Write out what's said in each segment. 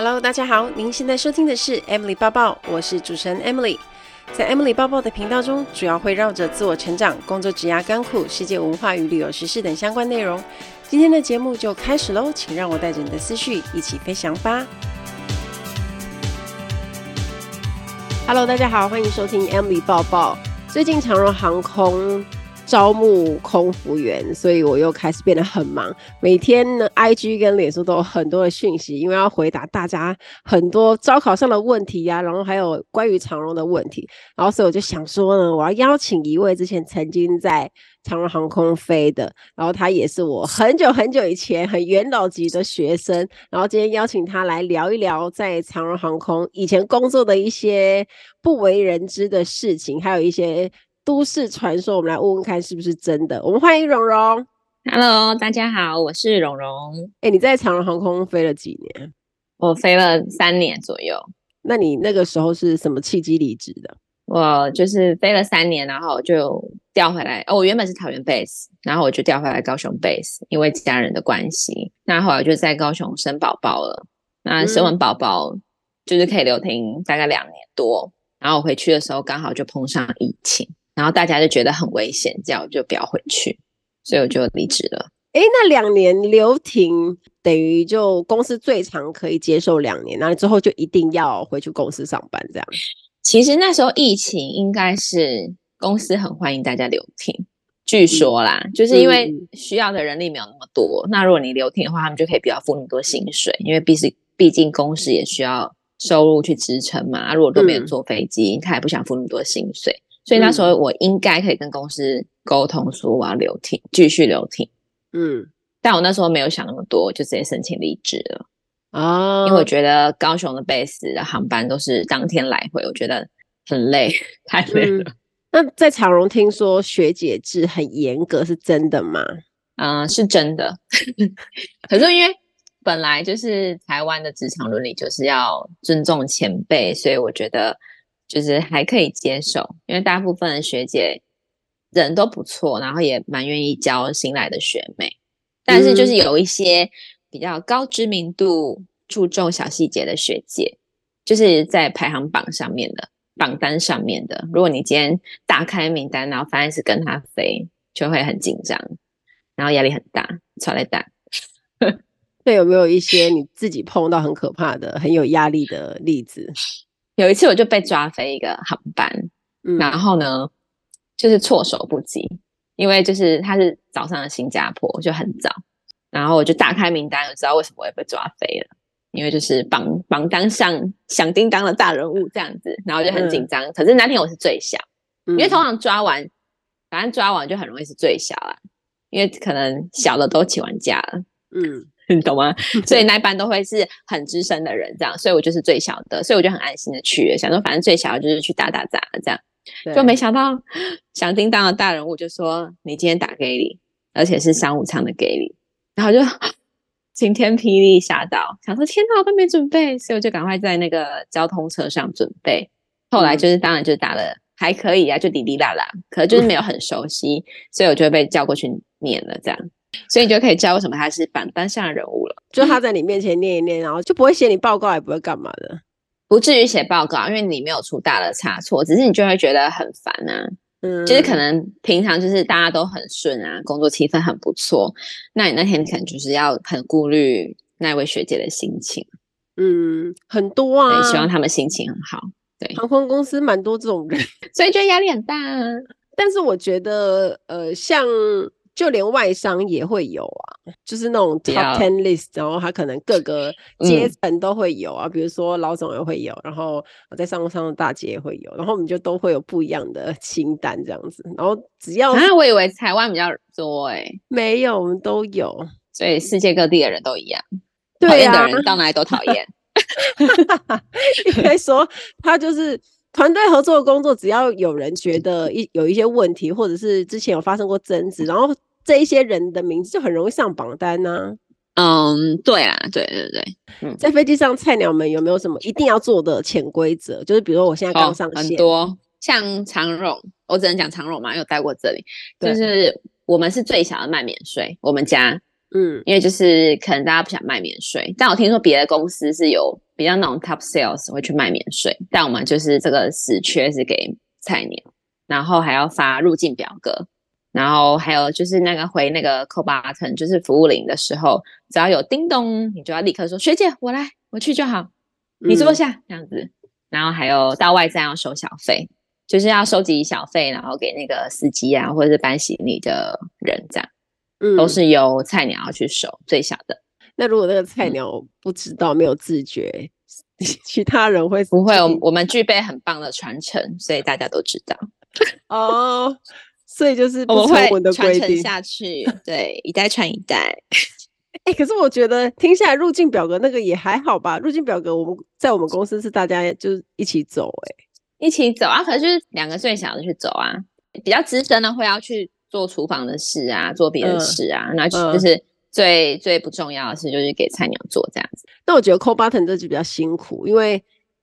Hello，大家好，您現在收聽的是 Emily 報報，我是主持人 Emily。在 Emily 報報的頻道中，主要會繞着自我成長、工作、職涯、甘苦、世界文化與旅遊時事等相關內容。今天的節目就開始嘍，請讓我帶着你的思緒一起飛翔吧。Hello，大家好，歡迎收聽 Emily 報報。最近長榮航空招募空服員，所以我又開始變得很忙。每天呢，IG 跟臉書都有很多的訊息，因為要回答大家很多招考上的問題呀、啊，然後還有關於長榮的問題。然後，所以我就想說呢，我要邀請一位之前曾經在長榮航空飛的，然後他也是我很久很久以前很元老級的學生。然後今天邀請他來聊一聊在長榮航空以前工作的一些不為人知的事情，還有一些都市傳說，我們來問問看是不是真的。我們歡迎容容。Hello，大家好，我是容容。哎、欸，你在長榮航空飛了幾年？我飛了三年左右。那你那個時候是什麼契機離職的？我就是飛了三年，然後就調回來。哦，我原本是桃園 base，然後我就調回來高雄 base，因為家人的關係。那後來我就在高雄生寶寶了。那生完寶寶就是可以留停大概兩年多，嗯、然後我回去的時候剛好就碰上疫情。然後大家就覺得很危險，叫我就不要回去，所以我就離職了。哎，那兩年留停等於就公司最長可以接受兩年，那之後就一定要回去公司上班，這樣。其實那時候疫情應該是公司很歡迎大家留停，據說啦，嗯、就是因為需要的人力沒有那麼多，嗯、那如果你留停的話，他們就可以不要付那麼多薪水，因為畢畢竟公司也需要收入去支撐嘛。啊、如果都沒有坐飛機，嗯、他也不想付那麼多薪水。所以那時候我應該可以跟公司溝通說我要留停，嗯、繼續留停。嗯，但我那時候沒有想那麼多，就直接申請離職了。哦、因為我覺得高雄的 base 的航班都是當天來回，我覺得很累，太累了。嗯、那在長榮聽說學姐制很嚴格，是真的嗎？嗯，是真的。 可是因為本來就是台灣的職場倫理就是要尊重前輩，所以我覺得。就是還可以接受，因為大部分的學姐人都不錯，然後也蠻願意教新來的學妹。但是就是有一些比較高知名度、注重小細節的學姐，就是在排行榜上面的榜單上面的。如果你今天打開名單，然後發現是跟她飛，就會很緊張，然後壓力很大，超累蛋。那 有沒有一些你自己碰到很可怕的、很有壓力的例子？有一次我就被抓飛一個航班，嗯、然後呢，就是措手不及，因為就是他是早上的新加坡，就很早，然後我就打開名單，我知道為什麼我會被抓飛了，因為就是榜榜單上響叮噹的大人物這樣子，然後我就很緊張。對可是那天我是最小，嗯、因為通常抓完，反正抓完就很容易是最小了，因為可能小的都請完假了。嗯。你懂嗎？ 所以那一班都會是很資深的人，這樣，所以我就是最小的，所以我就很安心的去想說，反正最小的就是去打打雜這樣。對就沒想到響叮噹的大人物就說：“你今天打 galley，而且是商務艙的 galley。嗯”然後就晴天霹靂，嚇到想說：“天哪，我都沒準備。”所以我就趕快在那個交通車上準備。嗯、後來就是當然就打了還可以啊，就滴滴啦啦，可能就是沒有很熟悉，嗯、所以我就會被叫過去。免了這樣，所以你就可以知道為什麼他是榜單上的人物了。就他在你面前念一念，嗯、然後就不會寫你報告，也不會幹嘛的，不至於寫報告，因為你沒有出大的差錯，只是你就會覺得很煩吶、啊。嗯，就是可能平常就是大家都很順啊，工作氣氛很不錯，那你那天你可能就是要很顧慮那位學姐的心情。嗯，很多啊，希望他們心情很好。對，航空公司蠻多這種人， 所以覺得壓力很大。啊。但是我覺得，呃，像。就連外商也會有啊，就是那種 top ten list，較然後他可能各個階層都會有啊，嗯、比如說老總也會有，然後在上個上的大街也會有，然後我們就都會有不一樣的清單這樣子。然後只要……啊，我以為台灣比較多哎、欸，沒有，我們都有，所以世界各地的人都一樣，對厭、啊、的人到然都討厭。應該 說，他就是團隊合作的工作，只要有人覺得一有一些問題，或者是之前有發生過爭執，然後。這一些人的名字就很容易上榜單呢、啊。嗯，um, 對啊，對對對。嗯、在飛機上，菜鳥們有沒有什麼一定要做的潛規則？就是比如說，我現在剛上線、oh, 很多像長榮，我只能講長榮嘛，因為我待過這裡。對就是我們是最小的賣免稅，我們家，嗯，因為就是可能大家不想賣免稅，但我聽說別的公司是有比較那種 top sales 會去賣免稅，但我們就是這個死缺是給菜鳥，然後還要發入境表格。然後還有就是那個回那個 call button，就是服務鈴的時候，只要有叮咚，你就要立刻說學姐，我來，我去就好，你坐下。嗯、這樣子。然後還有到外站要收小費，就是要收集小費，然後給那個司機啊，或者是搬行李的人這樣，嗯、都是由菜鳥去收最小的。那如果那個菜鳥不知道、嗯、沒有自覺，其他人會不會？我我們具備很棒的傳承，所以大家都知道哦。所以就是不成文的規定、哦、我們會傳承下去， 對，一代傳一代。哎、 欸，可是我覺得聽下來入境表格那個也還好吧。入境表格我們在我們公司是大家就是一起走、欸，哎，一起走啊。可是兩個最小的去走啊，比較資深的會要去做廚房的事啊，做別的事啊。那、嗯、就是最、嗯、最不重要的事就是給菜鳥做這樣子。那我覺得 call button 這就比較辛苦，因為。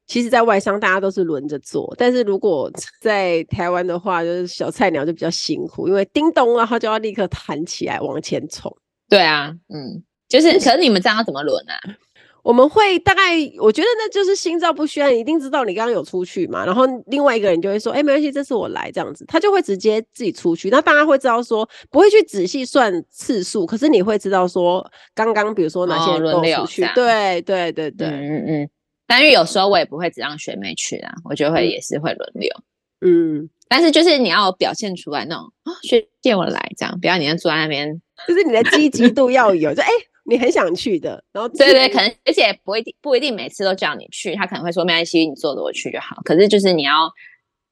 其實，在外商大家都是輪着做，但是如果在台灣的話，就是小菜鳥就比較辛苦，因為叮咚，然後就要立刻彈起來往前衝。對啊，嗯，就是，可是你們這樣怎麼輪啊？ 我們會大概，我覺得那就是心照不宣，你一定知道你剛剛有出去嘛，然後另外一個人就會說，哎、欸，沒關係，這次我來這樣子，他就會直接自己出去，那大家會知道說不會去仔細算次數，可是你會知道說剛剛比如說哪些人出去、哦，輪流，這樣。對，對對對對、嗯，嗯嗯。但是有時候我也不會只讓學妹去啊，我就會、嗯、也是會輪流，嗯。但是就是你要表現出來那種、哦、學姐我來這樣，不要你在坐在那邊，就是你的積極度要有， 就哎、欸、你很想去的。然後、就是、對，對對，可能而且不一定不一定每次都叫你去，他可能會說沒關係，你坐着我去就好。可是就是你要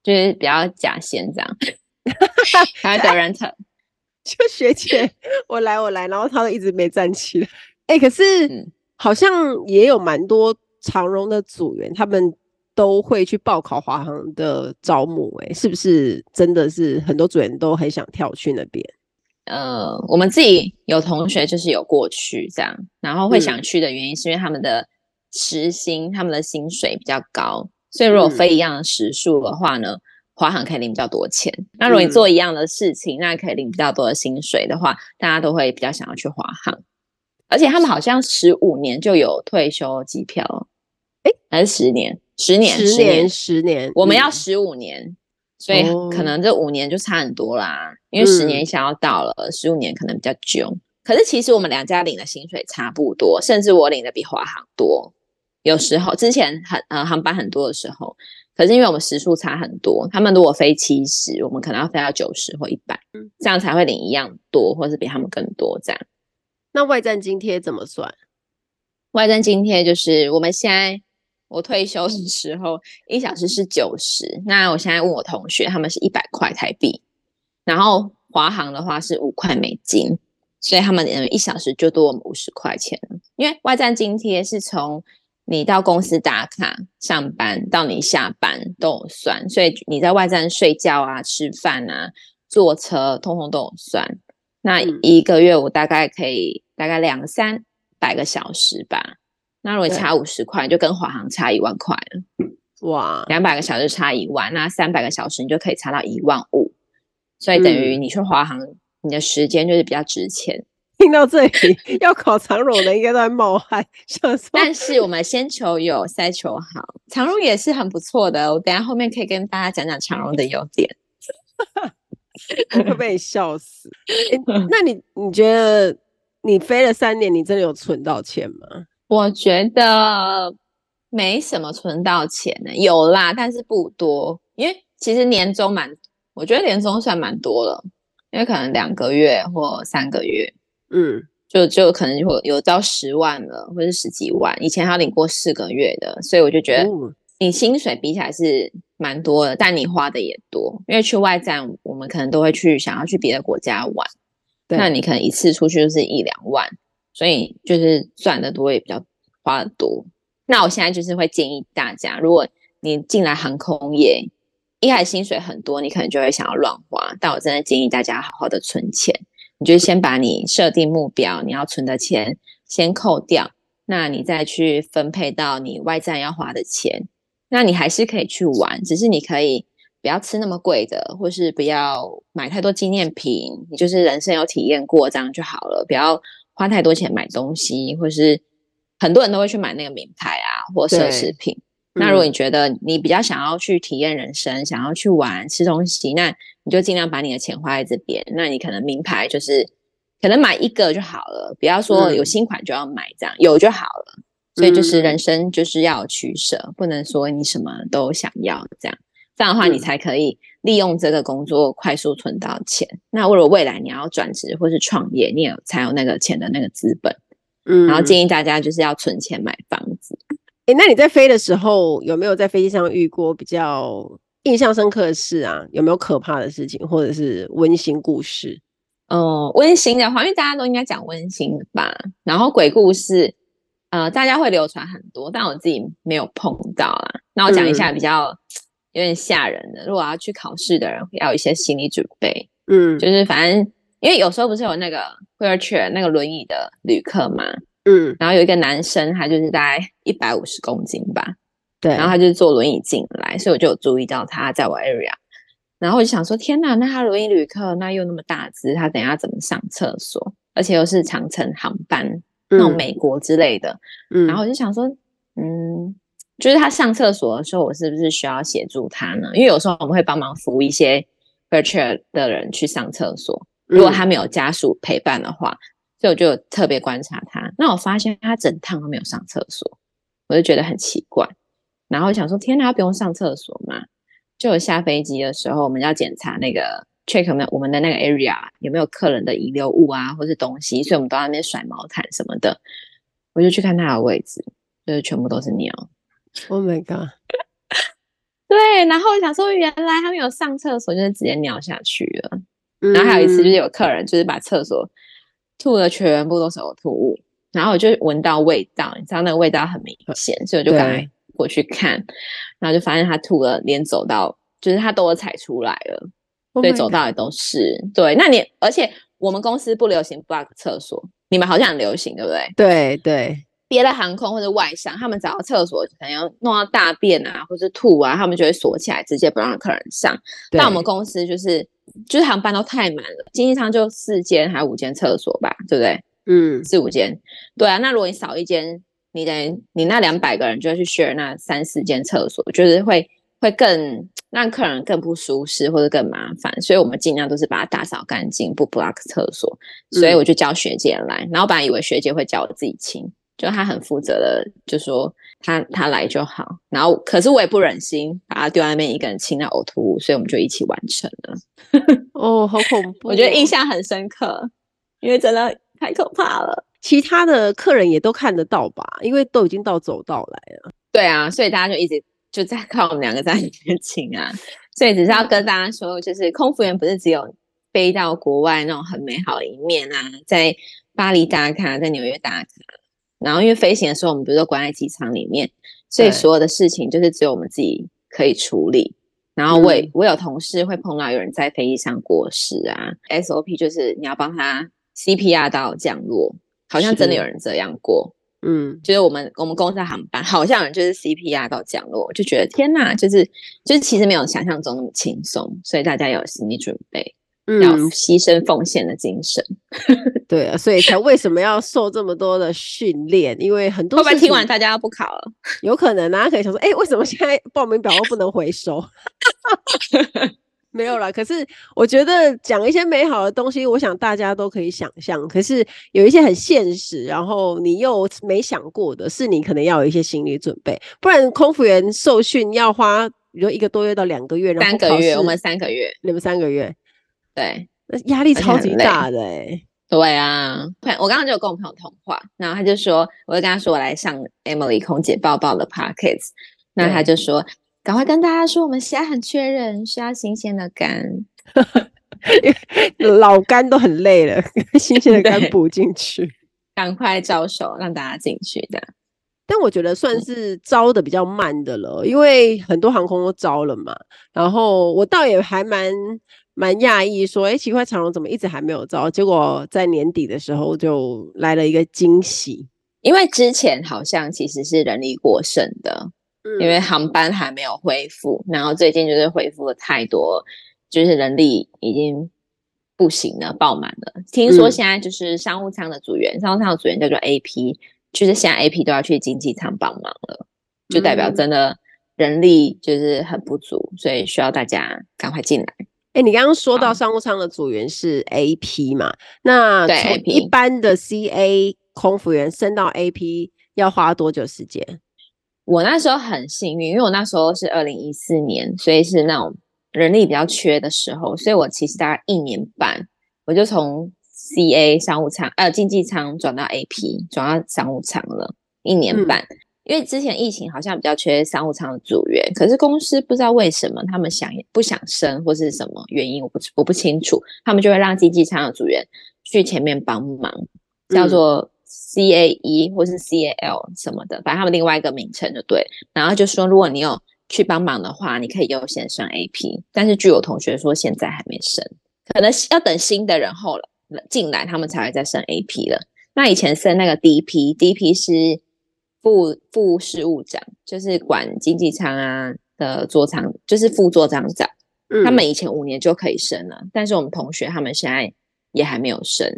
就是比較假先假仙這樣，哈哈。 他得人疼，就學姐我來我來，然後他就一直沒站起來。哎、欸，可是、嗯、好像也有蠻多。長榮的組員，他們都會去報考華航的招募，欸，是不是真的是很多組員都很想跳去那邊？呃，我們自己有同學就是有過去這樣，然後會想去的原因是因為他們的時薪，他們的薪水比較高，所以如果飛一樣的時數的話呢，華航可以領比較多錢。那如果你做一樣的事情，那可以領比較多的薪水的話，大家都會比較想要去華航，而且他們好像十五年就有退休機票。哎，還是十年，十年，十年，十年，十年我們要十五年，嗯、所以可能這五年就差很多啦。哦、因為十年想要到了，十五年可能比較久。嗯、可是其實我們兩家領的薪水差不多，甚至我領的比華航多。有時候之前很呃航班很多的時候，可是因為我們時數差很多，他們如果飛七十，我們可能要飛到九十或一百，嗯，這樣才會領一樣多，或是比他們更多這樣。那外站津貼怎麼算？外站津貼就是我們現在。我退休的時候一小時是九十，那我現在問我同學，他們是一百塊台幣，然後華航的話是五塊美金，所以他們嗯一小時就多我們五十塊錢。因為外站津貼是從你到公司打卡上班到你下班都有算，所以你在外站睡覺啊、吃飯啊、坐車，通通都有算。那一個月我大概可以大概兩三百個小時吧。那如果差五十塊，就跟華航差一萬塊了。哇，兩百個小時差一萬，那三百個小時你就可以差到一萬五，所以等於你去華航，你的時間就是比較值錢。聽到這裡，要考長榮的應該都在冒汗。但是我們先求有，再求好，長榮也是很不錯的。我等下後面可以跟大家講講長榮的優點。會被你笑死。那你你覺得你飛了三年，你真的有存到錢嗎？我覺得沒什麼存到錢的，有啦，但是不多。因為其實年終蠻我覺得年終算蠻多了，因為可能兩個月或三個月，嗯，就就可能會有到十萬了，或是十幾萬。以前還領過四個月的，所以我就覺得你薪水比起來是蠻多的，但你花的也多。因為去外站，我們可能都會去想要去別的國家玩，對那你可能一次出去就是一兩萬。所以就是賺的多也比較花的多。那我現在就是會建議大家，如果你進來航空業，一開始薪水很多，你可能就會想要亂花，但我真的建議大家好好的存錢。你就先把你設定目標，你要存的錢先扣掉，那你再去分配到你外站要花的錢。那你還是可以去玩，只是你可以不要吃那麼貴的，或是不要買太多紀念品。你就是人生有體驗過這樣就好了，不要。花太多錢買東西，或是很多人都會去買那個名牌啊，或奢侈品。嗯、那如果你覺得你比較想要去體驗人生，想要去玩、吃東西，那你就盡量把你的錢花在這邊。那你可能名牌就是可能買一個就好了，不要說有新款就要買這樣，嗯、有就好了。所以就是人生就是要取捨，嗯、不能說你什麼都想要這樣，這樣的話你才可以。嗯利用這個工作快速存到錢，那為了未來你要轉職或是創業，你也有才有那個錢的那個資本。嗯，然後建議大家就是要存錢買房子。誒，那你在飛的時候，有沒有在飛機上遇過比較印象深刻的事啊？有沒有可怕的事情，或者是溫馨故事？哦，溫馨的話，因為大家都應該講溫馨吧。然後鬼故事，呃，大家會流傳很多，但我自己沒有碰到啦。那我講一下比較。嗯。有點嚇人的，如果我要去考試的人，要有一些心理準備。嗯，就是反正，因為有時候不是有那個 wheelchair 那個輪椅的旅客嘛，嗯，然後有一個男生，他就是大概一百五十公斤吧，對，然後他就是坐輪椅進來，所以我就有注意到他在我 area，然後我就想說，天吶、啊，那他輪椅旅客，那又那麼大只，他等一下怎麼上廁所？而且又是長程航班，嗯、那種美國之類的，嗯，然後我就想說，嗯。就是他上廁所的時候，我是不是需要協助他呢？因為有時候我們會幫忙扶一些 virtual 的人去上廁所，如果他沒有家屬陪伴的話，所以我就特別觀察他。那我發現他整趟都沒有上廁所，我就覺得很奇怪。然後想說，天哪，他不用上廁所嗎？就我下飛機的時候，我們要檢查那個 check 沒有我們的那個 area 有沒有客人的遺留物啊，或是東西，所以我們都在那邊甩毛毯什麼的。我就去看他的位置，就是全部都是尿。Oh my god！ 對，然後我想說，原來他們有上廁所就是直接尿下去了。嗯、然後還有一次就是有客人就是把廁所吐了，全部都是嘔吐物。然後我就聞到味道，你知道那個味道很明顯，所以我就趕快過去看，對然後就發現他吐了，連走道就是他都，都踩出來了，對、oh，所以走道也都是對。那你而且我們公司不流行 block 廁所，你們好像很流行，對不對？對對。對別的航空或者外商，他們找到廁所可能要弄到大便啊，或者吐啊，他們就會鎖起來，直接不讓客人上。對那我們公司就是就是航班都太滿了，經濟艙就四間還有五間廁所吧，對不對？嗯，四五間。對啊，那如果你少一間，你等於你那兩百個人就要去 share 那三四間廁所，嗯、就是會會更讓客人更不舒適或者更麻煩。所以我們盡量都是把它打掃乾淨，不 block 廁所。所以我就叫學姐來，嗯、然後我本來以為學姐會叫我自己清。就他很負責的，就說他他來就好。然後，可是我也不忍心把他丟在那邊一個人清到嘔吐，所以我們就一起完成了。 哦，好恐怖哦！我覺得印象很深刻，因為真的太可怕了。其他的客人也都看得到吧？因為都已經到走道來了。對啊，所以大家就一直就在看我們兩個在裡面清啊。所以只是要跟大家說，就是空服員不是只有飛到國外那種很美好的一面啊，在巴黎打卡，在紐約打卡。然後因為飛行的時候，我們比如說關在機場裡面，所以所有的事情就是只有我們自己可以處理。對然後我也我也有同事會碰到有人在飛機上過世啊，嗯，SOP 就是你要幫他 CPR 到降落，好像真的有人這樣過，嗯，就是我們我們公司的航班好像有人就是 CPR 到降落，就覺得天吶，就是就是其實沒有想象中那麼輕鬆，所以大家有心理準備。嗯，要犧牲奉獻的精神、嗯，對啊，所以才為什麼要受這麼多的訓練？ 因為很多人，後邊聽完大家要不考了，有可能大，啊、家可以想說，哎，欸，為什麼現在報名表又不能回收？ 沒有啦。可是我覺得講一些美好的東西，我想大家都可以想象。可是有一些很現實，然後你又沒想過的，是你可能要有一些心理準備，不然空服員受訓要花，比如一個多月到兩個月，然後三個月，我們三個月，你們三個月。對，壓力超級大的、欸。對啊，我剛剛就有跟我朋友通話，然後他就說，我就跟他說我來上 Emily 空姐報報的 podcast，對那他就說趕快跟大家說，我們現在很缺人，需要新鮮的肝。 老肝都很累了，新鮮的肝補進去，趕快招手讓大家進去的。但我覺得算是招得比較慢的了，因為很多航空都招了嘛，然後我倒也還蠻。蠻訝異，說：“哎、欸，奇怪，長榮怎麼一直還沒有招？結果在年底的時候就來了一個驚喜，因為之前好像其實是人力過剩的，嗯，因為航班還沒有恢復，然後最近就是恢復了太多，就是人力已經不行了，爆滿了。聽說現在就是商務艙的組員，嗯、商務艙的組員叫做 A P，就是現在 A P 都要去經濟艙幫忙了，就代表真的人力就是很不足，嗯、所以需要大家趕快進來。”哎、欸，你剛剛說到商務艙的組員是 AP 嘛？好那從一般的 CA 空服員升到 AP 要花多久時間？我那時候很幸運，因為我那時候是二零一四年，所以是那種人力比較缺的時候，所以我其實大概一年半，我就從 CA 商務艙呃經濟艙轉到 AP，轉到商務艙了一年半。嗯因為之前疫情好像比較缺商務艙的組員，可是公司不知道為什麼他們想不想升或是什麼原因，我不我不清楚，他們就會讓經濟艙的組員去前面幫忙，叫做 C A E 或是 C A L 什麼的，嗯、反正他們另外一個名稱就對。然後就說如果你有去幫忙的話，你可以優先升 A P，但是據我同學說，現在還沒升，可能要等新的人後來進來，他們才會再升 A P 了。那以前升那個 D P D P 是。副副事務長就是管經濟艙啊的座艙，就是副座艙長長，嗯，他們以前五年就可以升了，但是我們同學他們現在也還沒有升，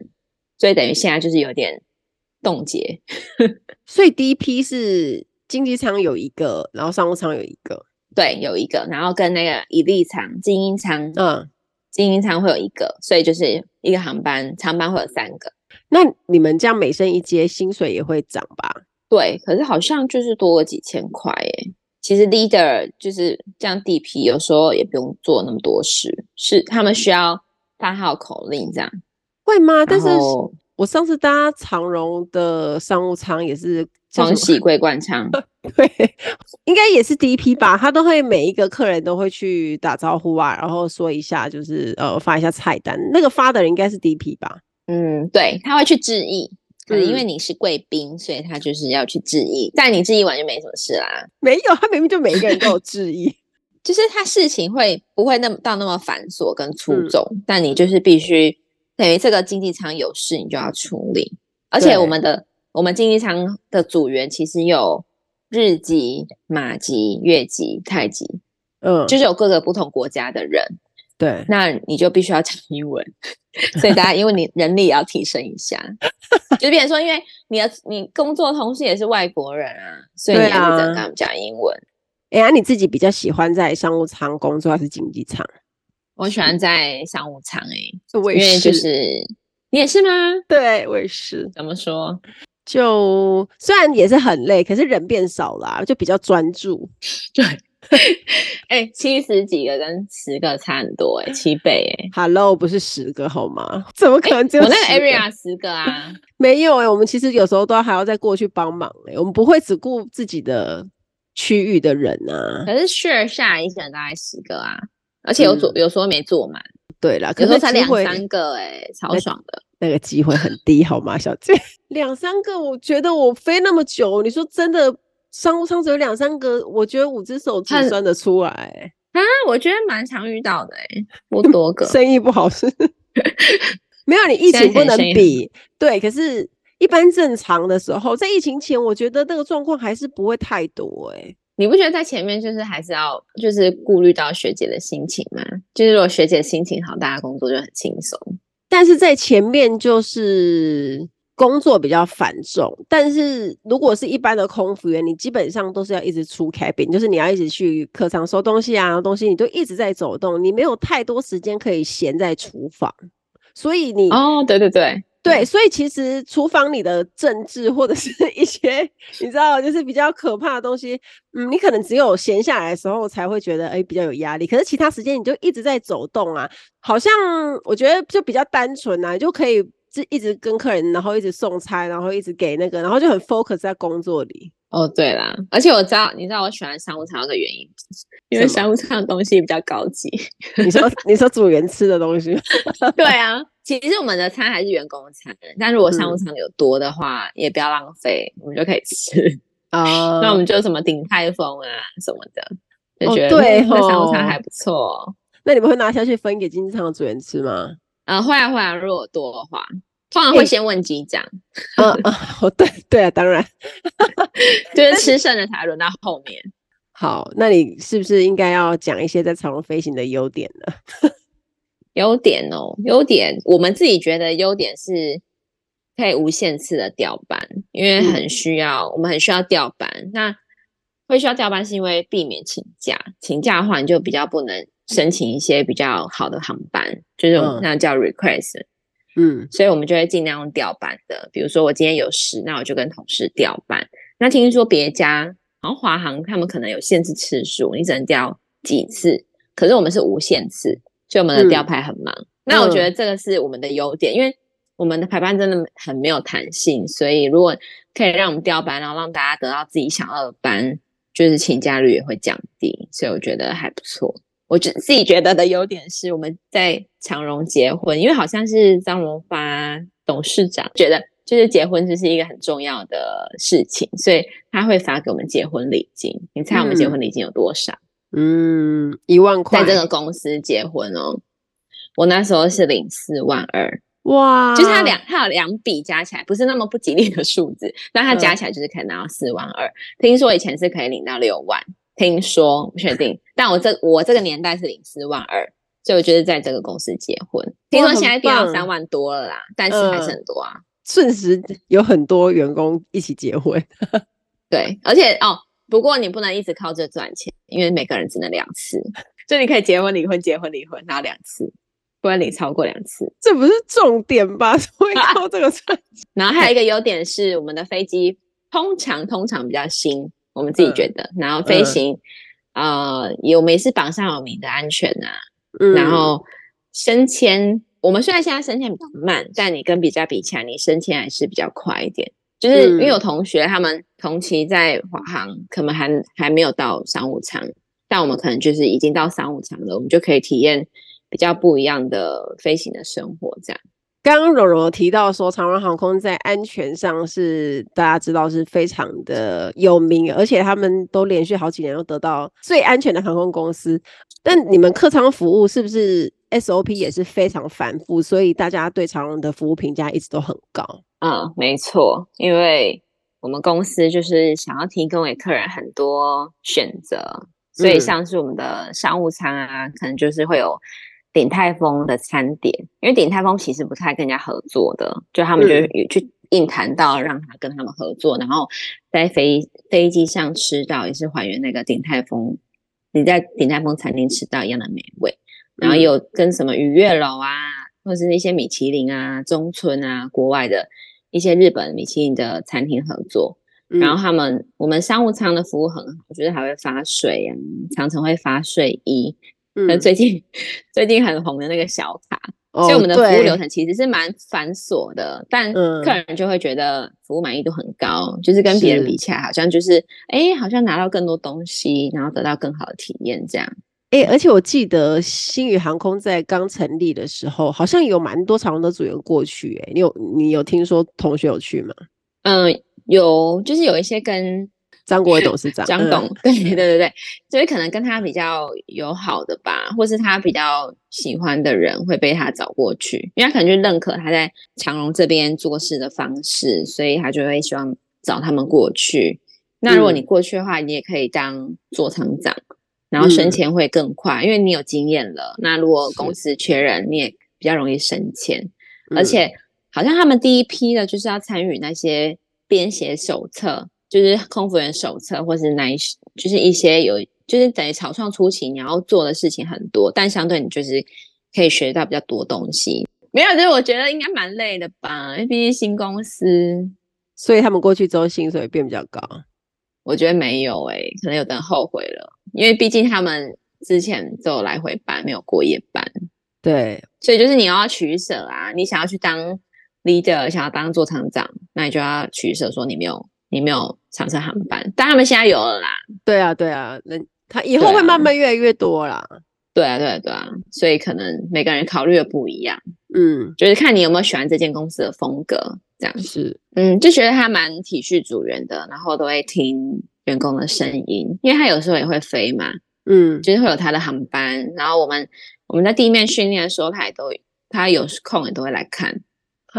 所以等於現在就是有點凍結。 所以第一批是經濟艙有一個，然後商務艙有一個，對，有一個，然後跟那個一類艙、精英艙，嗯，精英艙會有一個，所以就是一個航班長班會有三個。那你們這樣每升一階，薪水也會漲吧？對，可是好像就是多了幾千塊耶、欸。其實 leader 就是這樣，DP 有時候也不用做那麼多事，是他們需要發號口令這樣，會嗎？但是我上次搭長榮的商務艙也是雙、就是、喜桂冠艙， 對，應該也是 DP 吧？他都會每一個客人都會去打招呼啊，然後說一下就是呃發一下菜單，那個發的人應該是 DP 吧？嗯，對，他會去致意。對，因為你是貴賓，嗯、所以他就是要去致意。但你致意完就沒什麼事啦。沒有，他明明就每一個人都有致意， 就是他事情會不會那麼到那麼繁瑣跟粗重？嗯、但你就是必須等於這個經濟艙有事，你就要處理。而且我們的對我們經濟艙的組員其實有日籍、馬籍、越籍、泰籍，嗯，就是有各個不同國家的人。對，那你就必須要講英文， 所以大家因為你人力也要提升一下， 就變成說，因為你你工作同事也是外國人啊，所以你要跟他們講英文。哎啊，、欸、啊，你自己比較喜歡在商務艙工作還是經濟艙？我喜歡在商務艙哎、欸， 因為就是，我也是，你也是嗎？對，我也是。怎麼說？就雖然也是很累，可是人變少了、啊，就比較專注。 對。哎、 欸，七十幾個跟十個差很多哎、欸，七倍哎、欸。Hello，不是十個好嗎？怎麼可能只有、欸？我那個 Area 十個啊， 沒有哎、欸。我們其實有時候都還要再過去幫忙哎、欸，我們不會只顧自己的區域的人啊。可是 share 下一下大概十個啊，而且有做，嗯、有說沒做滿。對啦，可能才兩三個哎、欸，超爽的。那，那個機會很低好嗎，小姐？兩 三個，我覺得我飛那麼久，你說真的？上上次有兩三個，我覺得五隻手指算得出來、欸、啊，啊，我覺得蠻常遇到的哎、欸，不多個， 生意不好是， 沒有你疫情不能比，對，可是一般正常的時候，在疫情前，我覺得那個狀況還是不會太多哎、欸，你不覺得在前面就是還是要就是顧慮到學姐的心情嗎？就是如果學姐的心情好大，大家工作就很輕鬆，但是在前面就是。工作比較繁重，但是如果是一般的空服員，你基本上都是要一直出 cabin，就是你要一直去客艙收東西啊，東西你就一直在走動，你沒有太多時間可以閒在廚房，所以你哦，對對對對，所以其實廚房裡的政治或者是一些、嗯、你知道，就是比較可怕的東西，嗯，你可能只有閒下來的時候才會覺得誒、欸、比較有壓力，可是其他時間你就一直在走動啊，好像我覺得就比較單純啊，就可以。是一直跟客人，然後一直送餐，然後一直給那個，然後就很 focus 在工作裡。哦，對啦，而且我知道，你知道我喜歡商務艙的原因，麼因為商務艙的東西比較高級。 你說， 你說組員吃的東西？ 對啊，其實我們的餐還是員工餐，但如果商務艙有多的話，嗯、也不要浪費，我們就可以吃哦、呃、那我們就什麼鼎泰豐啊什麼的，就覺得、哦、對商務艙還不錯、哦。那你們會拿下去分給經濟艙的組員吃嗎？啊、呃，會啊會啊，如果多的話。通常會先問機長、欸 嗯，嗯，哦，對對啊，當然， 就是吃剩的才輪到後面。 好，那你是不是應該要講一些在長榮飛行的優點呢？ 優點哦，優點，我們自己覺得優點是可以無限次的調班，因為很需要，嗯、我們很需要調班。那會需要調班是因為避免請假，請假的話你就比較不能申請一些比較好的航班，就是那叫 request。嗯嗯，所以我們就會盡量用調班的。比如說我今天有事，那我就跟同事調班。那聽說別家，好像華航他們可能有限制次數，你只能調幾次。可是我們是無限次，所以我們的吊牌很忙。嗯、那我覺得這個是我們的優點，嗯、因為我們的排班真的很沒有彈性。所以如果可以讓我們調班，然後讓大家得到自己想要的班，就是請假率也會降低。所以我覺得還不錯。我覺得自己覺得的優點是我們在長榮結婚，因為好像是張榮發董事長覺得就是結婚這是一個很重要的事情，所以他會發給我們結婚禮金。你猜我們結婚禮金有多少？嗯，嗯、一萬塊。在這個公司結婚哦，我那時候是領四萬二。哇，就是他兩他有兩筆加起來不是那麼不吉利的數字，那他加起來就是可以拿到四萬二。嗯、聽說以前是可以領到六萬。聽說不確定，但我這我這個年代是領四萬二，所以我覺得在這個公司結婚。聽說現在掉到三萬多了啦，呃、但是還是很多啊。瞬時有很多員工一起結婚。 對，而且哦，不過你不能一直靠這賺錢，因為每個人只能兩次，就你可以結婚離婚結婚離婚拿兩次，不然你超過兩次這不是重點吧？會靠這個賺錢。 然後還有一個優點是， 我們的飛機通常通常比較新。我們自己覺得，嗯、然後飛行，嗯、呃，有沒是榜上有名的安全啊。嗯、然後升遷，我們雖然現在升遷比較慢，但你跟別家比起來，你升遷還是比較快一點。就是因為有同學他們同期在華航，可能還還沒有到商務艙，但我們可能就是已經到商務艙了，我們就可以體驗比較不一樣的飛行的生活，這樣。剛剛容容提到說，長榮航空在安全上是大家知道是非常的有名，而且他們都連續好幾年都得到最安全的航空公司。但你們客艙服務是不是 SOP 也是非常繁複？所以大家對長榮的服務評價一直都很高。嗯，沒錯，因為我們公司就是想要提供給客人很多選擇，所以像是我們的商務艙啊，嗯、可能就是會有。鼎泰豐的餐點，因為鼎泰豐其實不太跟人家合作的，就他們就去硬談到讓他跟他們合作，嗯、然後在飛飛機上吃到也是還原那個鼎泰豐，你在鼎泰豐餐廳吃到一樣的美味，然後有跟什麼魚月樓啊，嗯、或是那些米其林啊、中村啊、國外的一些日本米其林的餐廳合作。嗯、然後他們我們商務艙的服務很好，我覺得還會發水啊，常常會發睡衣。嗯，最近最近很紅的那個小卡，哦、所以我們的服務流程其實是蠻繁瑣的，對但客人就會覺得服務滿意度很高，嗯、就是跟別人比起來，好像就是哎是、欸，好像拿到更多東西，然後得到更好的體驗這樣。哎、欸，而且我記得星宇航空在剛成立的時候，好像有蠻多長榮的組員過去、欸，哎，你有你有聽說同學有去嗎？嗯，有，就是有一些跟。張國煒董事長， 張董，對對對對，所以 可能跟他比較友好的吧，或是他比較喜歡的人會被他找過去，因為他可能就認可他在長榮這邊做事的方式，所以他就會希望找他們過去。那如果你過去的話，嗯、你也可以當座艙長，然後升遷會更快，嗯、因為你有經驗了。那如果公司缺人，是你也比較容易升遷，嗯、而且好像他們第一批的就是要參與那些編寫手冊。就是空服員手冊，或是 nice，就是一些有，就是在草創初期你要然後做的事情很多，但相對你就是可以學到比較多東西。沒有，就是我覺得應該蠻累的吧，因為畢竟新公司。所以他們過去之後，薪水也變比較高？我覺得沒有誒、欸，可能有點後悔了，因為畢竟他們之前只有來回班，沒有過夜班。對，所以就是你要是取舍啊，你想要去當 leader，想要當座艙長，那你就要取舍，說你沒有。你沒有長程航班，但他們現在有了啦。對啊，對啊，對啊，那他以後會慢慢越來越多啦。對啊，對啊，對啊，所以可能每個人考慮的不一樣。嗯，就是看你有沒有喜歡這間公司的風格，這樣是。嗯，就覺得他蠻體恤組員的，然後都會聽員工的聲音，因為他有時候也會飛嘛。嗯，就是會有他的航班，然後我們我們在地面訓練的時候他也，他都他有空也都會來看。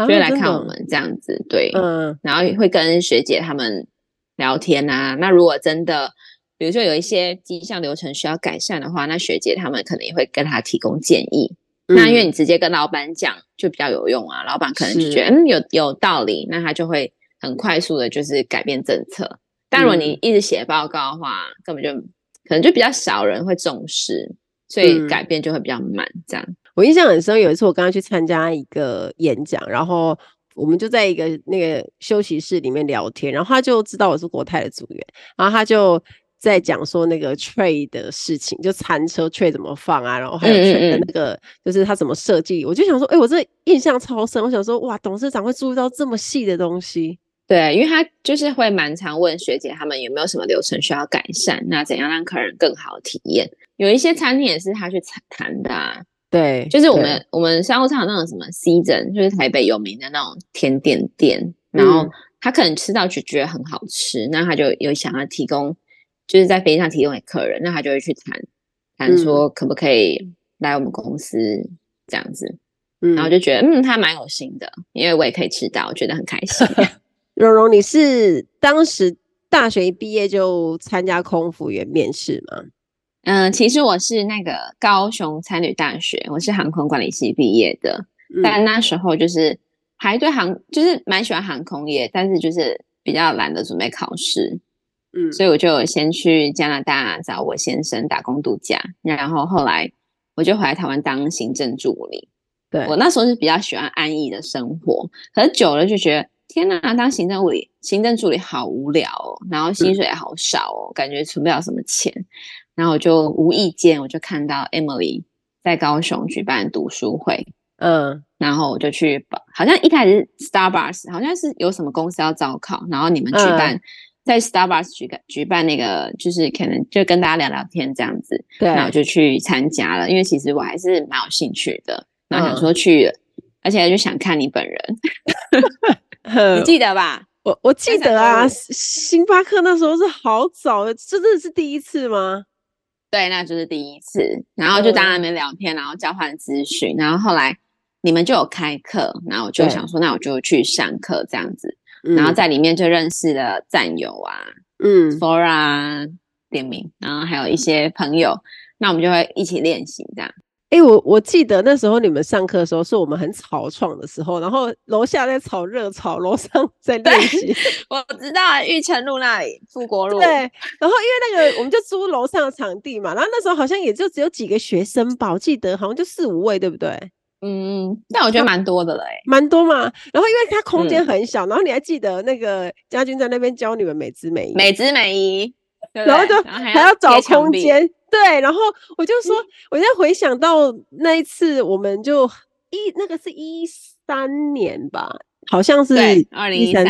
啊、就會來看我們這樣子，嗯、對，嗯，然後會跟學姐他們聊天啊。那如果真的，比如說有一些跡象流程需要改善的話，那學姐他們可能也會跟他提供建議。嗯、那因為你直接跟老闆講就比較有用啊，老闆可能就覺得是嗯有有道理，那他就會很快速的就是改變政策。但如果你一直寫報告的話，嗯、根本就可能就比較少人會重視，所以改變就會比較慢，嗯、這樣。我印象很深，有一次我剛剛去參加一個演講，然後我們就在一個那個休息室裡面聊天，然後他就知道我是國泰的組員，然後他就在講說那個 tray 的事情，就餐車 tray 怎麼放啊，然後還有那個就是他怎麼設計，嗯嗯嗯，我就想說，哎、欸，我這印象超深，我想說，哇，董事長會注意到這麼細的東西，對，因為他就是會蠻常問學姐他們有沒有什麼流程需要改善，那怎樣讓客人更好體驗，有一些餐廳也是他去談的啊。對，對就是我們對我們商務艙那種什麼 Season，就是台北有名的那種甜點店，嗯、然後他可能吃到就覺得很好吃，那他就有想要提供，就是在飛機上提供給客人，那他就會去談談說可不可以來我們公司、嗯、這樣子，然後就覺得嗯他蠻有心的，因為我也可以吃到，我覺得很開心。蓉蓉， 你是當時大學一畢業就參加空服員面試嗎？嗯，其實我是那個高雄餐旅大學，我是航空管理系畢業的，但那時候就是還對航，就是蠻喜歡航空業，但是就是比較懶得準備考試，嗯，所以我就先去加拿大找我先生打工度假，然後後來我就回來台灣當行政助理。對。我那時候是比較喜歡安逸的生活，可是久了就覺得天哪，當行政助理，行政助理好無聊，哦，然後薪水也好少，哦，嗯、感覺存不了什麼錢。然後我就無意間我就看到 Emily 在高雄舉辦讀書會，嗯，然後我就去，好像一開始 Starbucks 好像是有什麼公司要招考，然後你們舉辦、嗯、在 Starbucks 舉舉辦那個就是可能就跟大家聊聊天這樣子，對，然後我就去參加了，因為其實我還是蠻有興趣的，然後想說去，嗯、而且就想看你本人， 你記得吧？我我記得啊，星巴克那時候是好早的，這真的是第一次嗎？對，那就是第一次，然後就當然沒聊天，哦、然後交換資訊，然後後來你們就有開課，然後我就想說，對那我就去上課這樣子，嗯、然後在裡面就認識了戰友啊，嗯，Flora 點名，然後還有一些朋友，嗯、那我們就會一起練習這樣。哎、欸，我我記得那時候你們上課的時候，是我們很草創的時候，然後樓下在炒熱炒，樓上在練習。我知道玉泉路那裡，富國路。對，然後因為那個我們就租樓上的場地嘛，然後那時候好像也就只有幾個學生吧，我記得好像就四五位，對不對？嗯，但我覺得蠻多的嘞，蠻多嘛。然後因為它空間很小，嗯、然後你還記得那個家軍在那邊教你們美姿美儀、美姿美儀，然後就還要找空間。嗯對，然後我就說，嗯、我現在回想到那一次，我們就一那個是一三年吧，好像是二零一三，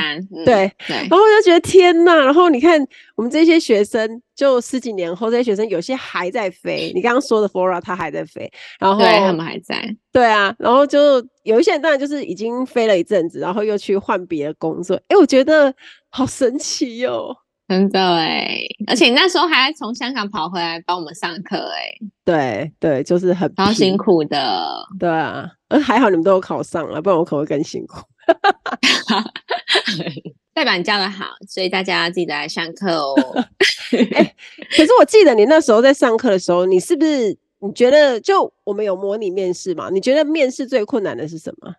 對對。然後我就覺得天吶，然後你看我們這些學生，就十幾年後這些學生，有些還在飛。 你剛剛說的 Flora 他，還在飛，然後對他們還在，對啊。然後就有一些人當然就是已經飛了一陣子，然後又去換別的工作，哎、欸，我覺得好神奇喲、喔。真的哎、欸，而且你那時候還從香港跑回來幫我們上課哎、欸，對對，就是很超辛苦的，對啊，還好你們都有考上了，不然我可能會更辛苦。 代表你教的好，所以大家要記得來上課哦、 欸。可是我記得你那時候在上課的時候，你是不是你覺得就我們有模擬面試嘛？你覺得面試最困難的是什麼？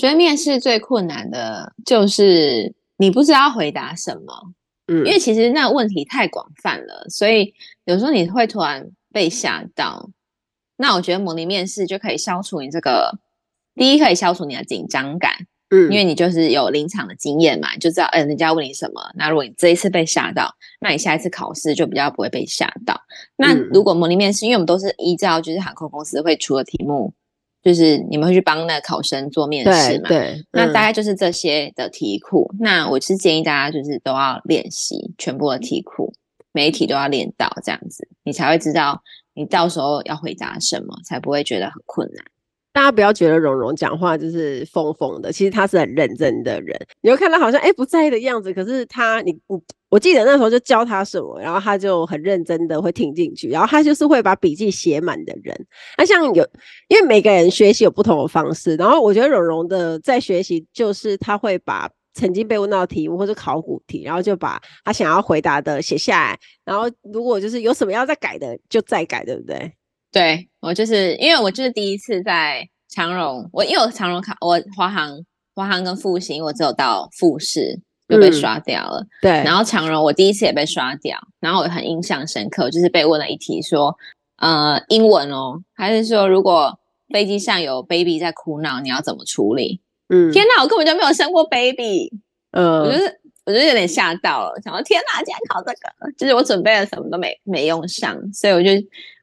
覺得面試最困難的就是你不知道回答什麼。嗯，因為其實那問題太廣泛了，所以有時候你會突然被嚇到。那我覺得模擬面試就可以消除你這個，第一可以消除你的緊張感，嗯，因為你就是有臨場的經驗嘛，就知道，哎，人家問你什麼。那如果你這一次被嚇到，那你下一次考試就比較不會被嚇到。那如果模擬面試，因為我們都是依照就是航空公司會出的題目。就是你們會去幫那個考生做面試嘛？對，對，嗯。那大概就是這些的題庫。那我是建議大家就是都要練習全部的題庫，每一題都要練到這樣子，你才會知道你到時候要回答什麼，才不會覺得很困難。大家不要覺得容容講話就是瘋瘋的,其實他是很認真的人。你會看她好像誒、欸、不在意的樣子，可是他，你我我記得那時候就教他什麼，然後他就很認真的會聽進去，然後他就是會把筆記寫滿的人。那像有，因為每個人學習有不同的方式，然後我覺得容容的在學習就是他會把曾經被問到的題目或者考古題，然後就把他想要回答的寫下來，然後如果就是有什麼要再改的就再改，對不對？對，我就是因為我就是第一次在長榮，我因為我長榮卡，我華航、華航跟復興，因為我只有到複試就被刷掉了。嗯、對，然後長榮我第一次也被刷掉，然後我很印象深刻，就是被問了一題說，呃，英文哦，還是說如果飛機上有 baby 在哭鬧，你要怎麼處理？嗯，天哪，我根本就沒有生過 baby，呃，我就是我就有點嚇到了，想說天哪，竟然考這個！就是我準備了什麼都沒沒用上，所以我就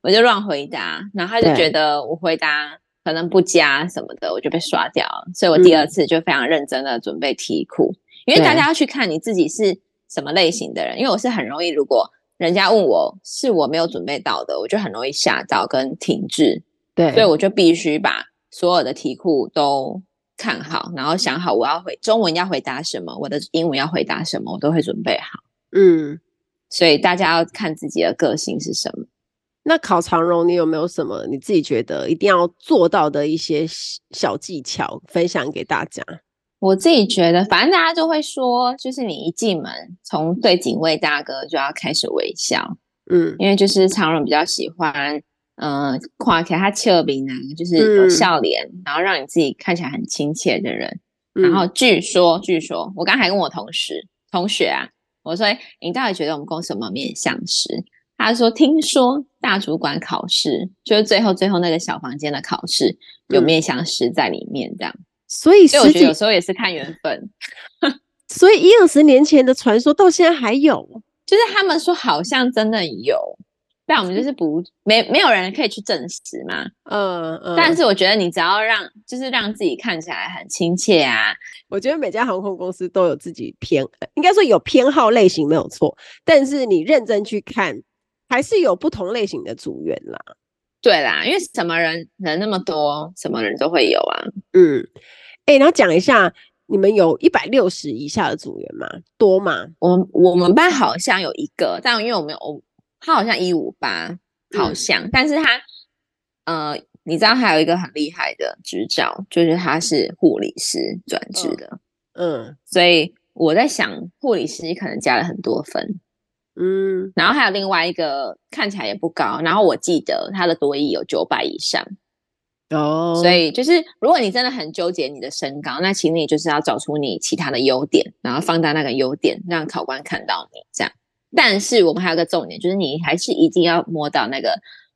我就亂回答，然後他就覺得我回答可能不佳什麼的，對我就被刷掉了。所以我第二次就非常認真的準備題庫，嗯、因為大家要去看你自己是什麼類型的人，對因為我是很容易，如果人家問我是我沒有準備到的，我就很容易嚇到跟停滯。對，所以我就必須把所有的題庫都。看好，然後想好我要回中文要回答什麼，我的英文要回答什麼，我都會準備好。嗯，所以大家要看自己的個性是什麼。那考長榮，你有沒有什麼你自己覺得一定要做到的一些小技巧分享給大家？我自己覺得，反正大家就會說，就是你一進門，從對警衛大哥就要開始微笑。嗯，因為就是長榮比較喜歡。呃，誇起來他簽名啊，就是有笑臉，嗯、然後讓你自己看起來很親切的人。嗯、然後據說，據說我剛還跟我同事同學啊，我說你到底覺得我們公司有沒有面相師？他說聽說大主管考試，就是最後最後那個小房間的考試有面相師在裡面這樣。所以，所以我覺得有時候也是看緣分。所、 所以一二十年前的傳說到現在還有，就是他們說好像真的有。但我們就是不沒沒有人可以去證實嘛，嗯嗯，嗯，但是我覺得你只要讓就是讓自己看起來很親切啊。我覺得每家航空公司都有自己偏，應該說有偏好類型沒有錯，但是你認真去看，還是有不同類型的組員啦。對啦，因為什麼人人那麼多，什麼人都會有啊。嗯，誒、欸，然後講一下，你們有一百六十以下的組員嗎？多嗎？我我們班好像有一個，但因為我們有、o。他好像一五八，好像，嗯、但是他，呃，你知道還有一個很厲害的執照，就是他是護理師轉職的，嗯，所以我在想，護理師可能加了很多分，嗯，然後還有另外一個看起來也不高，然後我記得他的多益有九百以上，哦，所以就是如果你真的很糾結你的身高，那請你就是要找出你其他的優點，然後放大那個優點，讓考官看到你這樣。但是我們還有一個重點，就是你還是一定要摸到那個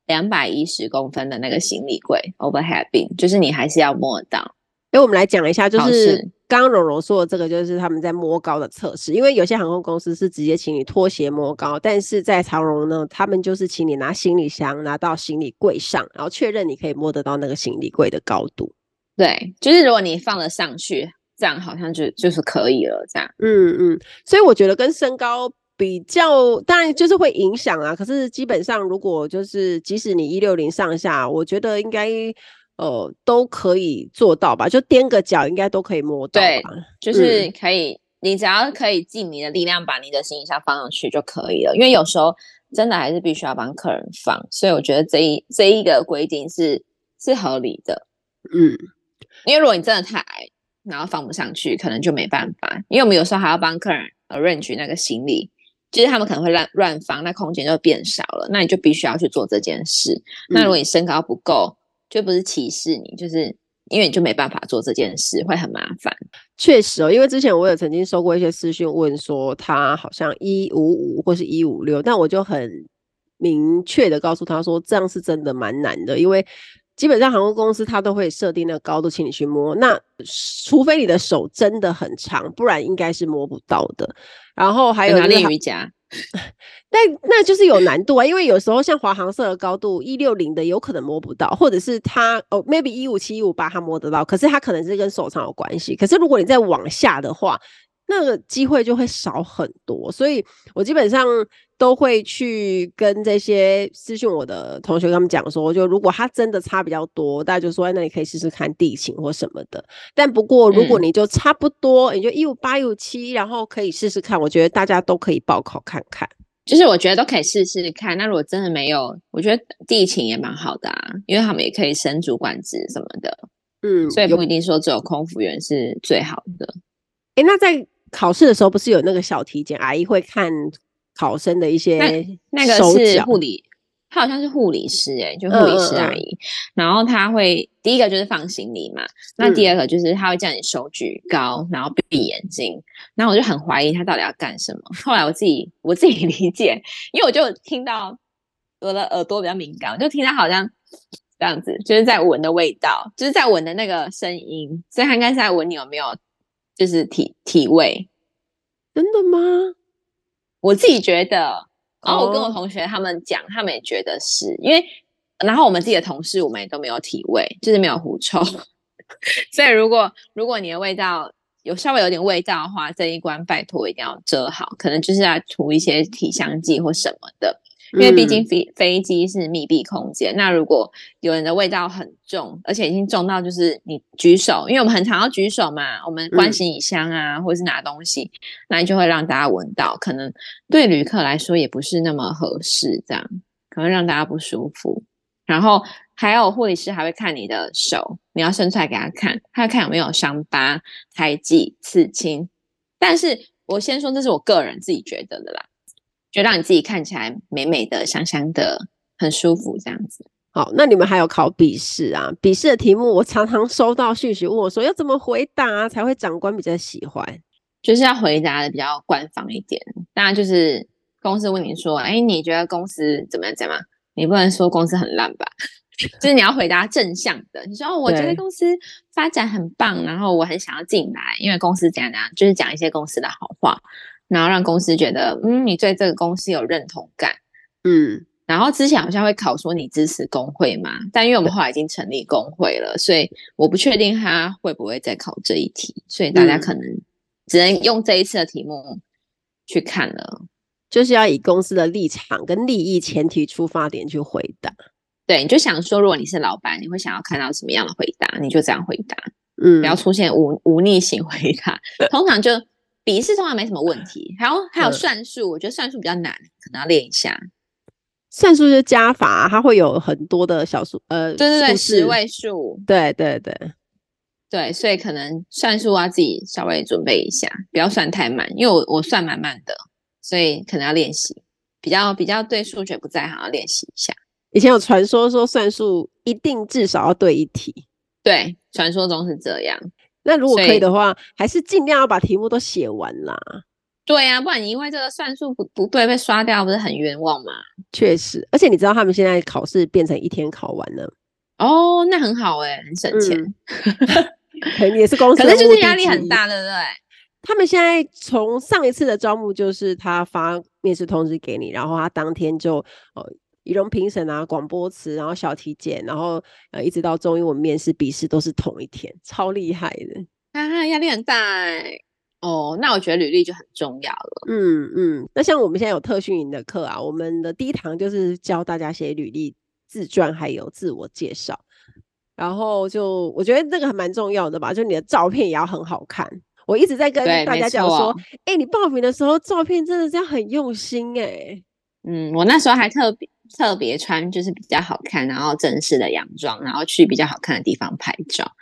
兩百一十公分的那個行李櫃 overhead bin，就是你還是要摸到。為、欸、我們來講一下，就是剛剛蓉蓉說的這個，就是他們在摸高的測試，因為有些航空公司是直接請你拖鞋摸高，但是在長榮呢，他們就是請你拿行李箱拿到行李櫃上，然後確認你可以摸得到那個行李櫃的高度。對，就是如果你放得上去，這樣好像就就是可以了。這樣，嗯嗯，所以我覺得跟身高。比較當然就是會影響啊，可是基本上如果就是即使你160上下，我覺得應該呃都可以做到吧，就踮個腳應該都可以摸到吧。對，就是可以，嗯、你只要可以盡你的力量把你的行李箱放上去就可以了。因為有時候真的還是必須要幫客人放，所以我覺得這一這一,一個規定是是合理的。嗯，因為如果你真的太矮，然後放不上去，可能就沒辦法。因為我們有時候還要幫客人 arrange 那個行李。就是他們可能會亂亂放，那空間就變少了。那你就必須要去做這件事。那如果你身高不夠，嗯、就不是歧視你，就是因為你就沒辦法做這件事，會很麻煩。確實哦，因為之前我也曾經收過一些私訊，問說他好像一五五或是一五六，但我就很明確的告訴他說，這樣是真的蠻難的，因為。基本上航空公司它都會設定那個高度，請你去摸。那除非你的手真的很長，不然應該是摸不到的。然後還有那練瑜伽。哪裡有 但那就是有難度啊，因為有時候像華航設的高度一六零的，有可能摸不到，或者是他哦，oh，maybe 一五七一五八他摸得到，可是他可能是跟手長有關係。可是如果你再往下的話，那個機會就會少很多，所以我基本上都會去跟這些私訊我的同學，跟他們講說，就如果他真的差比較多，大家就說那你可以試試看地勤或什麼的。但不過如果你就差不多，嗯、你就一五八一五七，然後可以試試看，我覺得大家都可以報考看看。就是我覺得都可以試試看。那如果真的沒有，我覺得地勤也蠻好的啊，因為他們也可以升主管職什麼的。嗯，所以不一定說只有空服員是最好的。哎、欸，那在。考試的時候不是有那個小體檢阿姨會看考生的一些手、那個、是護理，她腳好像是護理師哎、欸，就護理師阿姨，嗯嗯，然後她會第一個就是放行李嘛，那第二個就是她會叫你手舉高，嗯、然後閉眼睛，然後我就很懷疑她到底要幹什麼。後來我自己我自己理解，因為我就聽到我的耳朵比較敏感，我就聽她好像這樣子，就是在聞的味道，就是在聞的那個聲音，所以她應該是在聞你有沒有。就是體體味，真的嗎？我自己覺得，哦，oh. 然後我跟我同學他們講，他們也覺得是因為，然後我們自己的同事，我們也都沒有體味，就是沒有狐臭， 所以如果如果你的味道有稍微有點味道的話，這一關拜托一定要遮好，可能就是要塗一些體香劑或什麼的。因為畢竟飛飛機是密閉空間，嗯、那如果有人的味道很重，而且已經重到就是你舉手，因為我們很常要舉手嘛，我們關行李箱啊，嗯、或者是拿東西，那你就會讓大家聞到，可能對旅客來說也不是那麼合適，這樣可能讓大家不舒服。然後還有護理師還會看你的手，你要伸出來給他看，他要看有沒有傷疤、胎記、刺青。但是我先說，這是我個人自己覺得的啦。就讓你自己看起來美美的、香香的、很舒服這樣子。好，那你們還有考筆試啊？筆試的題目，我常常收到訊息問我說，要怎麼回答、啊、才會長官比較喜歡？就是要回答的比較官方一點。當然，就是公司問你說，哎、欸，你覺得公司怎麼樣？怎麼樣？你不能說公司很爛吧？ 就是你要回答正向的。你說哦，我覺得公司發展很棒，對然後我很想要進來，因為公司怎樣，怎樣，就是講一些公司的好話。然後讓公司覺得，嗯，你對這個公司有認同感，嗯。然後之前好像會考說你支持工會嘛，但因為我們後來已經成立工會了，對所以我不確定他會不會再考這一題，所以大家可能只能用這一次的題目去看了，就是要以公司的立場跟利益前提出發點去回答。對，你就想說，如果你是老闆，你會想要看到什麼樣的回答，你就這樣回答。嗯，不要出現無無逆行回答，通常就。 筆試通常沒什麼問題，還有還有算術，嗯，我覺得算術比較難，可能要練一下。算術就是加法，它會有很多的小數，呃，對對對，數字，十位數，對對對，對，所以可能算術要自己稍微準備一下，不要算太慢，因為我我算滿慢的，所以可能要練習。比較比較對數學不在行，要練習一下。以前有傳說說算術一定至少要對一題，對，傳說中是這樣。那如果可以的話，以還是盡量要把題目都寫完啦。對呀、啊，不然你因為這個算術不不對被刷掉，不是很冤枉嗎？確實，而且你知道他們現在考試變成一天考完了哦。那很好誒、欸、很省錢。可能、嗯、 也是公司，可是就是壓力很大，對不對？他們現在從上一次的招募，就是他發面試通知給你，然後他當天就哦。呃儀容評審啊，廣播詞，然後小體檢，然後呃，一直到中英文面試筆試都是同一天，超厲害的啊，壓力很大、欸、哦。那我覺得履歷就很重要了。嗯嗯，那像我們現在有特訓營的課啊，我們的第一堂就是教大家寫履歷、自傳還有自我介紹。然後就我覺得這個還蠻重要的吧，就你的照片也要很好看。我一直在跟大家講說，哎、欸，你報名的時候照片真的是要很用心哎、欸。嗯，我那時候還特別。特別穿就是比較好看、然後正式的洋裝，然後去比較好看的地方拍照，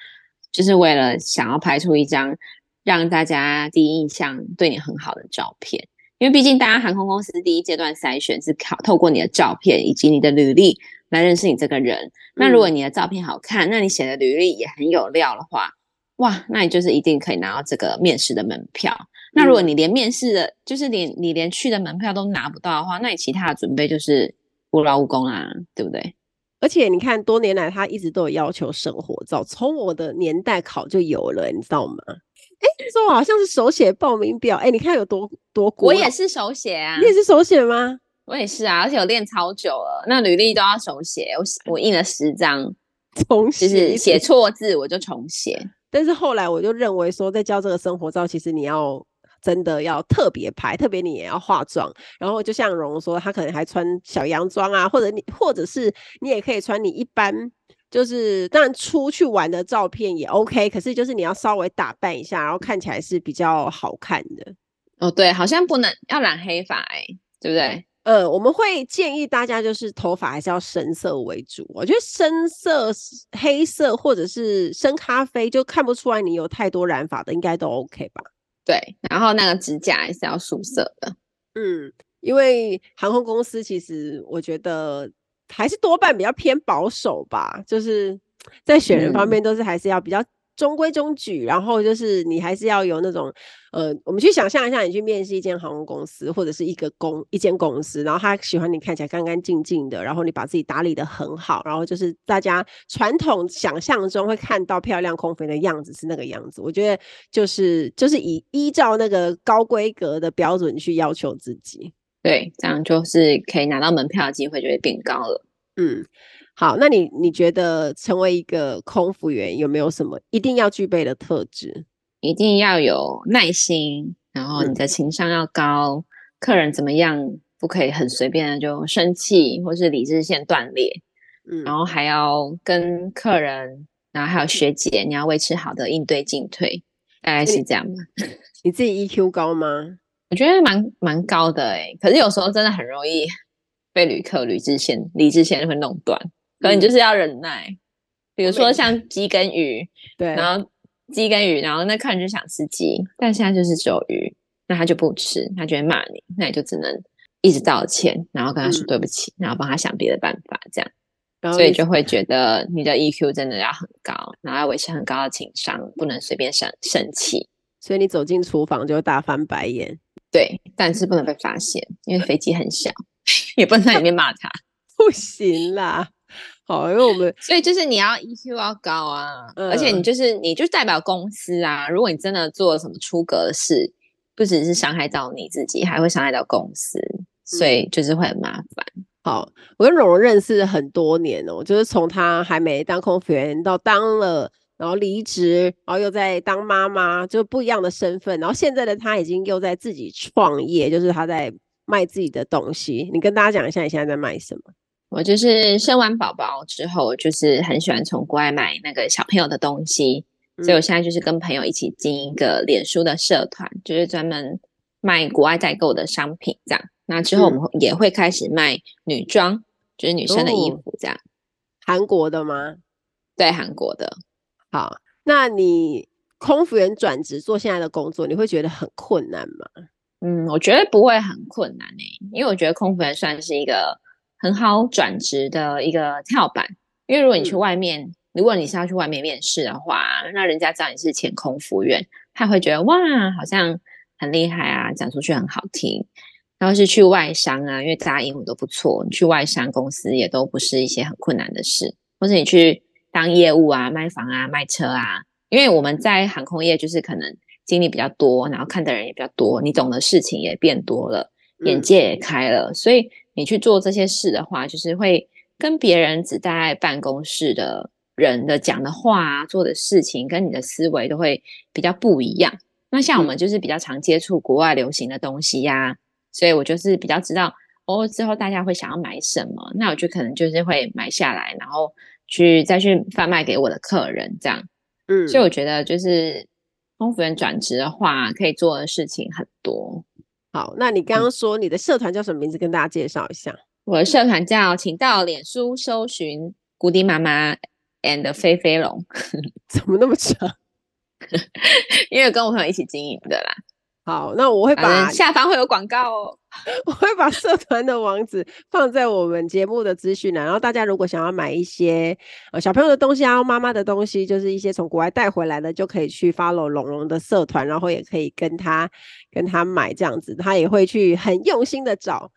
就是為了想要拍出一張讓大家第一印象對你很好的照片。因為畢竟大家航空公司第一階段篩選是靠透過你的照片以及你的履歷來認識你這個人。嗯、那如果你的照片好看，那你寫的履歷也很有料的話，哇，那你就是一定可以拿到這個面試的門票。那如果你連面試的，嗯、就是你你連去的門票都拿不到的話，那你其他的準備就是。徒勞無功啊，對不對？而且你看，多年來他一直都有要求生活照，從我的年代考就有了，你知道嗎？哎， 說我好像是手寫報名表，誒，你看有多多過、啊。我也是手寫啊，你也是手寫嗎？我也是啊，而且我練超久了，那履歷都要手寫，我我印了十張重寫，就是寫錯字我就重寫、嗯。但是後來我就認為說，在交這個生活照，其實你要。真的要特別拍，特別你也要化妝，然後就像容容說，她可能還穿小洋裝啊，或者你，或者是你也可以穿你一般就是當然出去玩的照片也 OK，可是就是你要稍微打扮一下，然後看起來是比較好看的。哦，對，好像不能要染黑髮，欸，對不對？呃，我們會建議大家就是頭髮還是要深色為主，我覺得深色黑色或者是深咖啡就看不出來你有太多染髮的，應該都 OK 吧。對，然後那個指甲也是要素色的。嗯，因為航空公司其實我覺得還是多半比較偏保守吧，就是在選人方面都是還是要比較、嗯。中規中矩，然後就是你還是要有那種，呃，我們去想象一下，你去面試一間航空公司或者是一個公一間公司，然後他喜歡你看起來乾乾淨淨的，然後你把自己打理得很好，然後就是大家傳統想象中會看到漂亮空服員的樣子是那個樣子。我覺得就是就是以依照那個高規格的標準去要求自己，對，這樣就是可以拿到門票的機會就會變高了。嗯。好，那你你覺得成為一個空服員有沒有什麼一定要具備的特質？一定要有耐心，然後你的情商要高，嗯、客人怎麼樣，不可以很隨便的就生氣或是理智線斷裂。嗯，然後還要跟客人，然後還有學姐，嗯、你要維持好的應對進退，大概是這樣吧。你自己 EQ 高嗎？ 我覺得蠻蠻高的哎、欸，可是有時候真的很容易被旅客理智線理智線會弄斷。可能你就是要忍耐，嗯、比如說像雞跟魚，對，然後雞跟魚，然後那客人就想吃雞，但現在就是只有魚，那他就不吃，他就會罵你，那你就只能一直道歉，然後跟他說對不起，嗯、然後幫他想別的辦法，這樣，所以就會覺得你的 EQ 真的要很高，然後要維持很高的情商，不能隨便生生氣，所以你走進廚房就會大翻白眼，對，但是不能被發現，因為飛機很小， 也不能在裡面罵他， 不行啦。好、啊，因為我們所以就是你要 EQ 要高啊，嗯、而且你就是你就代表公司啊。如果你真的做了什麼出格的事，不只是傷害到你自己，還會傷害到公司，所以就是會很麻煩。嗯、好，我跟容容認識了很多年哦，就是從他還沒當空服員到當了，然後離職，然後又在當媽媽，就不一樣的身份。然後現在的他已經又在自己創業，就是他在賣自己的東西。你跟大家講一下，你現在在賣什麼？我就是生完寶寶之後，就是很喜歡從國外買那個小朋友的東西，所以我現在就是跟朋友一起經營一個臉書的社團，嗯、就是專門賣國外代購的商品這樣。那之後我們也會開始賣女裝，嗯、就是女生的衣服這樣。韓國的嗎？對，韓國的。好，那你空服員轉職做現在的工作，你會覺得很困難嗎？嗯，我覺得不會很困難誒、欸，因為我覺得空服員算是一個。很好轉職的一個跳板，因為如果你去外面，嗯、如果你是要去外面面試的話，那人家知道你是前空服員，他會覺得哇，好像很厲害啊，講出去很好聽。然後是去外商啊，因為大家英文都不錯，你去外商公司也都不是一些很困難的事。或者你去當業務啊，賣房啊，賣車啊，因為我們在航空業就是可能經歷比較多，然後看的人也比較多，你懂的事情也變多了，嗯、眼界也開了，所以，你去做這些事的話，就是會跟別人只待在辦公室的人的講的話、啊、做的事情，跟你的思維都會比較不一樣。那像我們就是比較常接觸國外流行的東西呀、啊、嗯、所以我就是比較知道，哦，之後大家會想要買什麼，那我就可能就是會買下來，然後去再去販賣給我的客人這樣。嗯，所以我覺得就是空服、哦、員轉職的話，可以做的事情很多。好，那你剛剛說你的社團叫什麼名字？嗯、跟大家介紹一下，我的社團叫，請到臉書搜尋“古迪媽媽 and 飛飛容”， 怎麼那麼長？ 因為跟我朋友一起經營的啦。好，那我會把，嗯、下方會有廣告哦。 我會把社團的網址放在我們節目的資訊欄，然後大家如果想要買一些呃小朋友的東西啊，媽媽的東西，就是一些從國外帶回來的，就可以去 follow 容容的社團，然後也可以跟他跟他買這樣子，他也會去很用心的找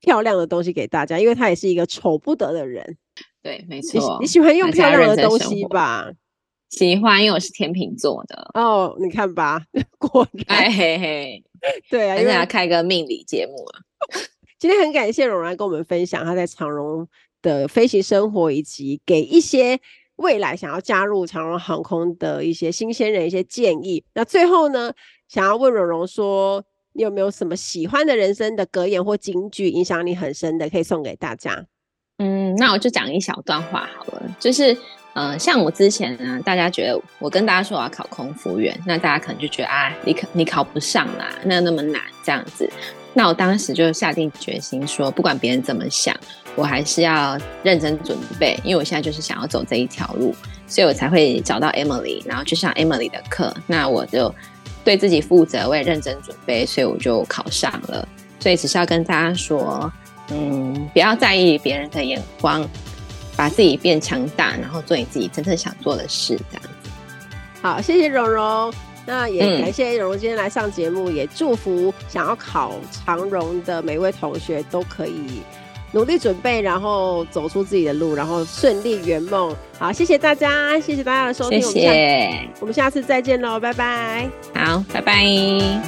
漂亮的東西給大家，因為他也是一個醜不得的人。對，沒錯，你喜歡用漂亮的東西吧？喜歡，因為我是天秤座的哦。你看吧，果然，哎嘿嘿， 對啊，因為要開個命理節目了、啊。今天很感謝容容來跟我們分享她在長榮的飛行生活，以及給一些未來想要加入長榮航空的一些新鮮人一些建議。那最後呢，想要問容容說，你有沒有什麼喜歡的人生的格言或警句，影響力很深的，可以送給大家？嗯，那我就講一小段話好了，就是。嗯、呃，像我之前呢，大家覺得我跟大家說我要考空服員，那大家可能就覺得啊，你、哎、考你考不上啦，那那麼難這樣子。那我當時就下定決心說，不管別人怎麼想，我還是要認真準備，因為我現在就是想要走這一條路，所以我才會找到 Emily，然後去上 Emily 的課。那我就對自己負責，我也認真準備，所以我就考上了。所以只是要跟大家說，嗯，不要在意別人的眼光。把自己變強大，然後做你自己真正想做的事，這樣好，謝謝容容，那也感謝容容今天來上節目，嗯、也祝福想要考長榮的每一位同學都可以努力準備，然後走出自己的路，然後順利圓夢。好，謝謝大家，謝謝大家的收聽，謝謝我，我們下次再見嘍，拜拜。好，拜拜。